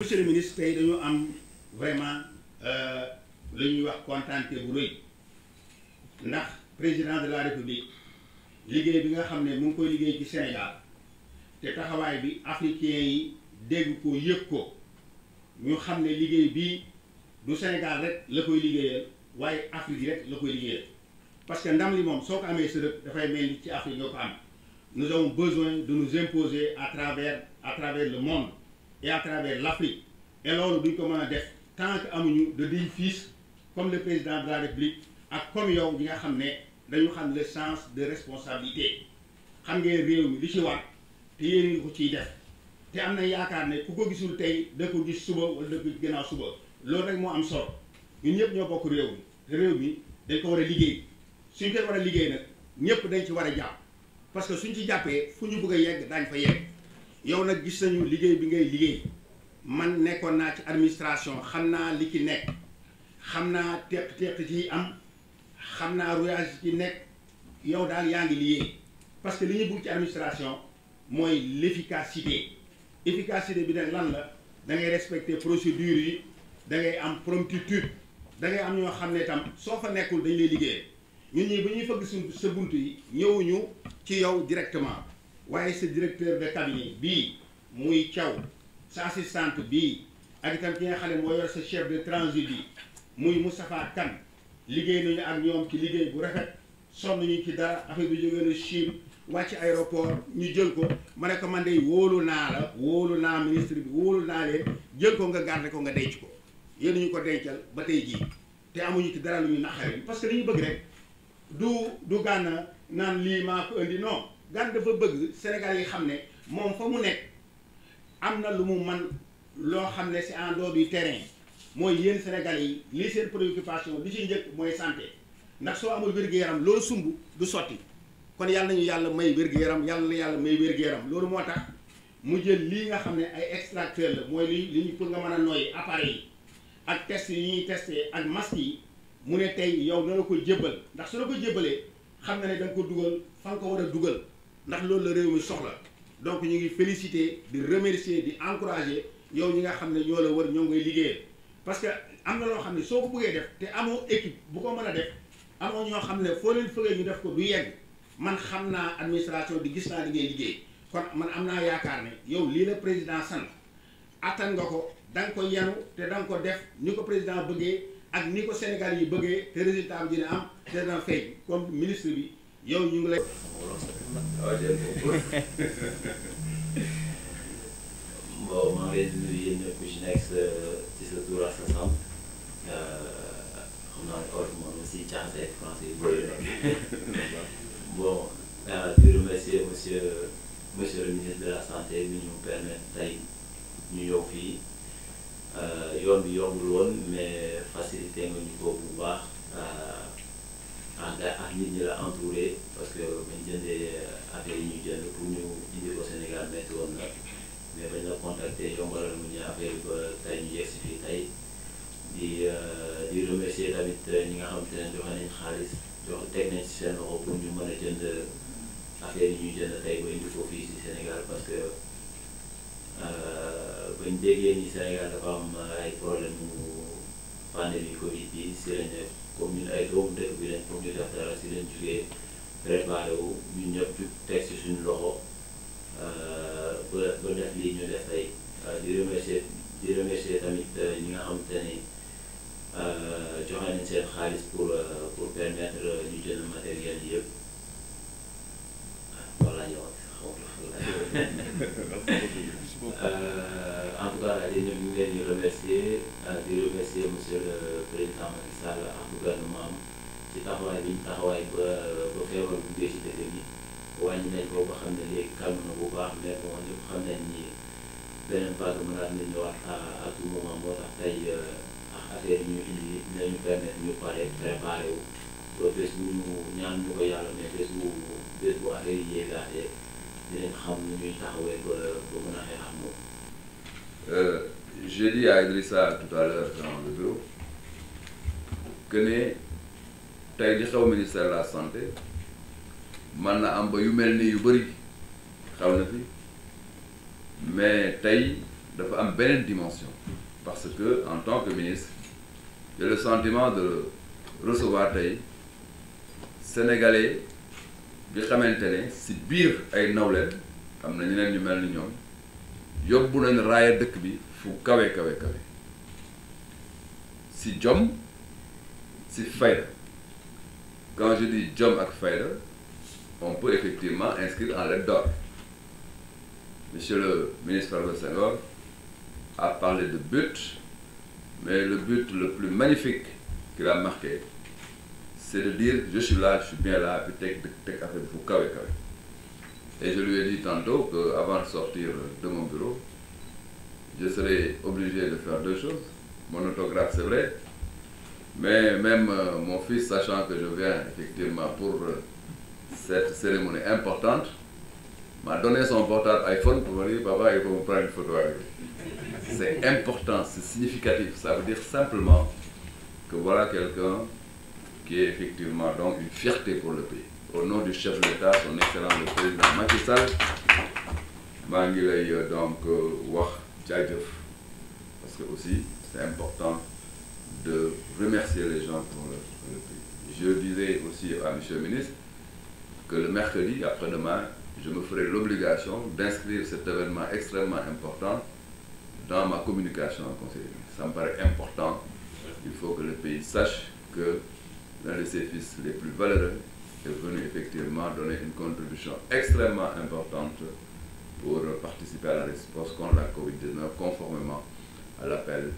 monsieur le ministre tey dañu am vraiment euh, lu ñuy wax kontaante bu rëy ndax président de la république liggéey bi nga xam ne mu ngi koy liggéey ci Sénégal te taxawaay bi africain yi dégg ko yëg ko ñu xam ne liggéey bi du Sénégal rek la koy liggéeyal waaye Afrique rek la koy liggéeyal parce que ndam li moom soo ko amee sërëg dafay mel ci Afrique nga ko am nous avons besoin de nous imposer à travers à travers le monde et travers l'Afrique et loolu duñ ko mën a def tant que amuñu de dignes fils comme le président de la République ak comme yow bi nga xam ne dañu xam le sens de responsabilité xam ngeen réew mi li ci war te yéen ngi ko ciy def te am na yaakaar ne ku ko gisul tey da ko gis suba walla da ko gannaaw suba loolu rek moo am sol ñun ñëpp ñoo bokk réew mi réew mi dañ ko war a liggéey suñ koy war a liggéey nag ñëpp dañ ci war a jàpp parce que suñ ci jàppee fu ñu bëgg a yegg daañ fa yow nag gis nañu liggéey bi ngay liggéey man nekkoon naa ci administration xam naa li ci nekk xam naa teq-teq ci am xam naa rouage ci nekk yow daal yaa ngi liggéey parce que li ñu bëgg ci administration mooy l'efficacité efficacité bi nag lan la da ngay respecter procédure yi dangay ngay am promptitude da ngay am ñoo xam ne tam soo fa nekkul dañ lay liggéey ñun ñii bu ñuy fëgg su sa bunt yi ñëwuñu ci yow directement waaye sa directeur de cabinet bii muy caw sa assistante bii ak itam ki nga xam moo yor sa chef de transit bi muy Moustapha Kane liggéey nañu ak ñoom ci liggéey bu rafet sonn ñu ci dara affaire bi jógee na Chine wàcc aéroport ñu jël ko ma ne man de wóolu naa la wóolu naa ministre bi wóolu naa leen jël ko nga garder ko nga denc ko yéen ñu ko dencal ba tey jii te amuñu ci dara lu ñu naqaree parce que li ñu bëgg rek du du gànna naan lii maa ko indi non. Gane dafa bëgg Sénégal yi xam ne moom fa mu nekk am na lu mu man loo xam ne c'est en dehors du terrain mooy yéen Sénégal yi lii seen préoccupation li si njëkk mooy santé ndax soo amul wér yaram loo sumb du sotti kon yàlla nañu yàlla may wér-gu-yaram yàlla na yàlla may wér yaram loolu moo tax mu jël lii nga xam ne ay extracteur la mooy li li pour nga mën a nooy appareil yi ak test yi ñuy testé ak masque yi mu ne tey yow na la ko jébbal ndax su la ko jébbalee xam na ne da ko dugal fa nga ko war a dugal ndax loolu la réew mi soxla donc ñu ngi féliciter di remercier di encourager yow ñi nga xam ne ñoo la war ñoo ngay liggéeyal parce que am na loo xam ne soo ko bëggee def te amoo équipe bu ko mën a def amoo ñoo xam ne foo leen fëggee ñu def ko du yegg man xam naa administration di gis naa li ngay liggéey kon man am naa yaakaar ne yow lii la président sant attan nga ko da ko yanu te da ko def ni ko président bëggee ak ni ko Sénégal yi bëggee te résultat bi dina am te dana ministre bi yow ñu ngi lay. bon maa ngi leen di nuyu yéen ñëpp ci nekk ci sa tur ak sa sant xam naa ne kawar moom aussi chance ak français yu bëri la bon euh, di monsieur monsieur ministre de la santé mi ñu permettre tey ñu ñëw fii euh, yoon bi yombul woon mais facilité nga ñu ko bu baax. en ak nit ñi la entouré parce que bañ jëndee euh, affaire yi ñu jënd pour ñu indi ko Sénégal métti woon na mais bañ la contacter mu ñu affaire yi ba tey ñu yegg di euh, di remercier tamit euh, ñi nga xam te ne joxe nañ jox teg nañ si seen loxo pour ñu mën a jënd yi ñu jënd tey parce que bañ déggee dafa am ay problème mu pandémie Covid si lañ comme ay doomu dëkk pour ñu def dara si lañ jugee préparé wu ñun ñëpp jug teg si suñu loxo euh, ba def lii ñu def tey euh, di remercier di remercier tamit euh, ñi nga xamante ni joxe nañ seen xaalis pour pour permettre ñu jënd matériel yëpp voilà ah, yow xaw en tout di ñu ngi leen di remercier di remercier monsieur le président Macky Sall ak ci taxawaay bi ñu taxawaay ba ba feebar nañ ko ba xam ne léegi calme na bu baax xam nañ ni beneen vague mën naa leen ñëwaat à à tout moment moo euh, ñu indi dinañu ñu pare préparé wu ba bés ñu ñaan ñu ko yàlla mais bés bu bés bu affaire yi yéegaatee dinañ xam nu ñuy taxawee ba ba mën a xeex ak moom. Euh, j'ai dit à Idrissa tout à l'heure dans le bureau que ne tey di xew ministère de la santé man na am ba yu mel ni yu bëri xaw na fi mais tey dafa am beneen dimension parce que en tant que ministre j'ai le sentiment de recevoir tey sénégalais bi xamante ne si biir ay nawleen am na ñeneen ñu mel ni ñoom yóbbu nañ raaya dëkk bi fu kawe kawe kawe si jom si fayda quand je dis jom ak fayda on peut effectivement inscrire en lettres d'or monsieur le ministre Farba Senghor a parlé de but mais le but le plus magnifique qu'il a marqué c'est de dire je suis là je suis bien là puis teg teg affaire bu kawe kawe et je lui ai dit tantôt que avant de sortir de mon bureau je serai obligé de faire deux choses mon autographe c'est vrai Mais même euh, mon fils, sachant que je viens effectivement pour euh, cette cérémonie importante, m'a donné son portable iPhone pour me Papa, il faut me prendre une photo avec lui. C'est important, c'est significatif. Ça veut dire simplement que voilà quelqu'un qui une fierté pour le pays. Au nom du chef de son excellent le président Macky Sall, maa ngi lay euh, donc euh, wax jaajëf que aussi c'est important. de remercier les gens pour leur pays. Je disais aussi à M. le ministre que le mercredi après-demain, je me ferai l'obligation d'inscrire cet événement extrêmement important dans ma communication en conseil. Ça me paraît important. Il faut que le pays sache que l'un de ses fils les plus valeureux est venu effectivement donner une contribution extrêmement importante pour participer à la réponse contre la covid conformément à l'appel